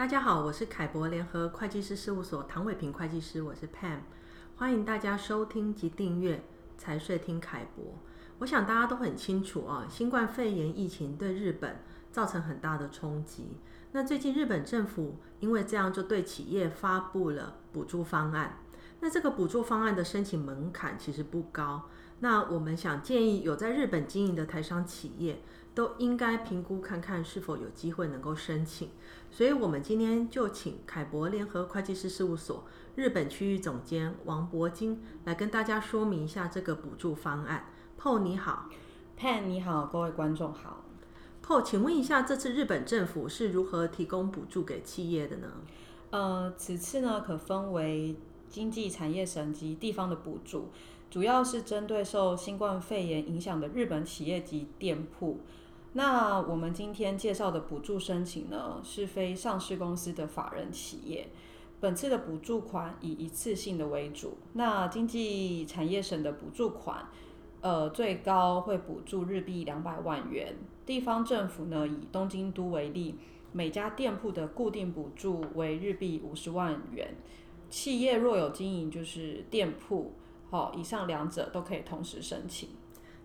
大家好，我是凱博聯合會計師事務所唐偉平會計師，我是 Pam，歡迎大家收聽及訂閱財稅聽凱博。我想大家都很清楚啊，新冠肺炎疫情對日本造成很大的衝擊。那最近日本政府因為這樣，就對企業發布了補助方案。那這個補助方案的申請門檻其實不高。那我們想建議有在日本經營的台商企業。都應該評估看看是否有機會能夠申請，所以，我們今天就請凱博聯合會計師事務所日本區域總監王博金來跟大家說明一下這個補助方案。Paul 你好，Pan 你好，各位觀眾好。Paul 請問一下，這次日本政府是如何提供補助給企業的呢？呃，此次呢可分為經濟產業省及地方的補助，主要是針對受新冠肺炎影響的日本企業及店鋪。那我們今天介紹的補助申請呢，是非上市公司的法人企業。本次的補助款以一次性的為主。那經濟產業省的補助款，呃，最高會補助日幣兩百萬元。地方政府呢，以東京都為例，每家店鋪的固定補助為日幣五十萬元。企業若有經營，就是店鋪，好，哦，以上兩者都可以同時申請。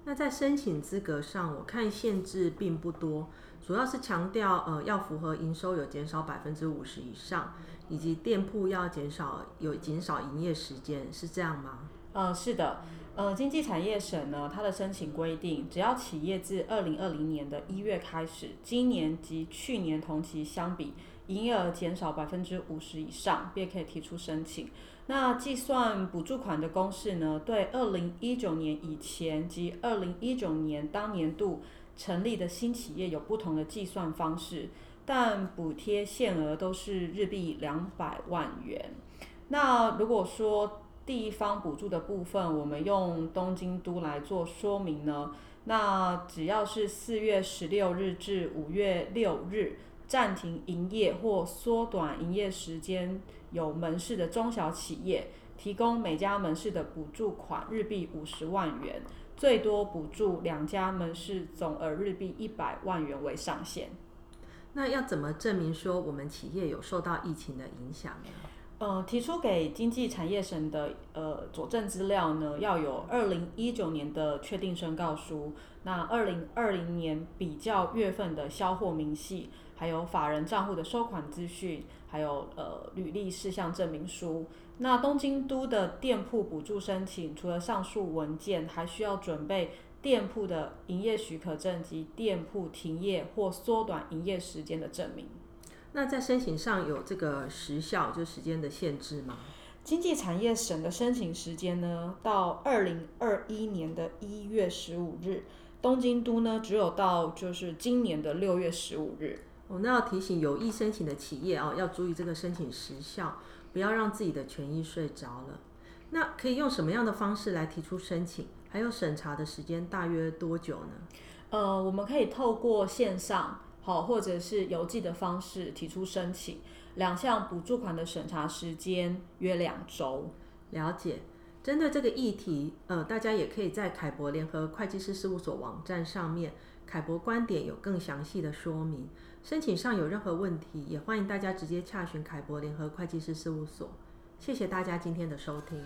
那在申請資格上，我看限制並不多，主要是強調呃，要符合營收有減少百分之五十以上，以及店鋪要減少，有減少營業時間，是這樣嗎？嗯、呃，是的，呃，經濟產業省呢，它的申請規定，只要企業自二零二零年的一月開始，今年及去年同期相比。營業額減少百分之五十以上，便可以提出申請。那計算補助款的公式呢？對二零一九年以前及二零一九年當年度成立的新企業有不同的計算方式，但補貼限額都是日幣兩百萬元。那如果說地方補助的部分，我們用東京都來做說明呢？那只要是四月十六日至五月六日。暫停營業或縮短營業時間有門市的中小企業，提供每家門市的補助款日幣五十萬元，最多補助兩家門市，總額日幣一百萬元為上限。那要怎麼證明說我們企業有受到疫情的影響呢？呃，提出給經濟產業省的呃佐證資料呢，要有二零一九年的確定申告書，那二零二零年比較月份的銷貨明細，還有法人賬戶的收款資訊，還有呃履歷事項證明書。那東京都的店鋪補助申請，除了上述文件，還需要準備店鋪的營業許可證及店鋪停業或縮短營業時間的證明。那在申請上有這個時效，就時間的限制嗎？經濟產業省的申請時間呢，到二零二一年的一月十五日，東京都呢只有到就是今年的六月十五日。哦，那要提醒有意申請的企業啊，要注意這個申請時效，不要讓自己的權益睡着了。那可以用什麼樣的方式來提出申請？還有審查的時間大約多久呢？呃，我們可以透過線上。好，或者是郵寄的方式提出申請，兩項補助款的審查時間約兩周。了解，針對這個議題，呃，大家也可以在凱博聯合會計師事務所網站上面，凱博觀點有更詳細的說明。申請上有任何問題，也歡迎大家直接洽詢凱博聯合會計師事務所。謝謝大家今天的收聽。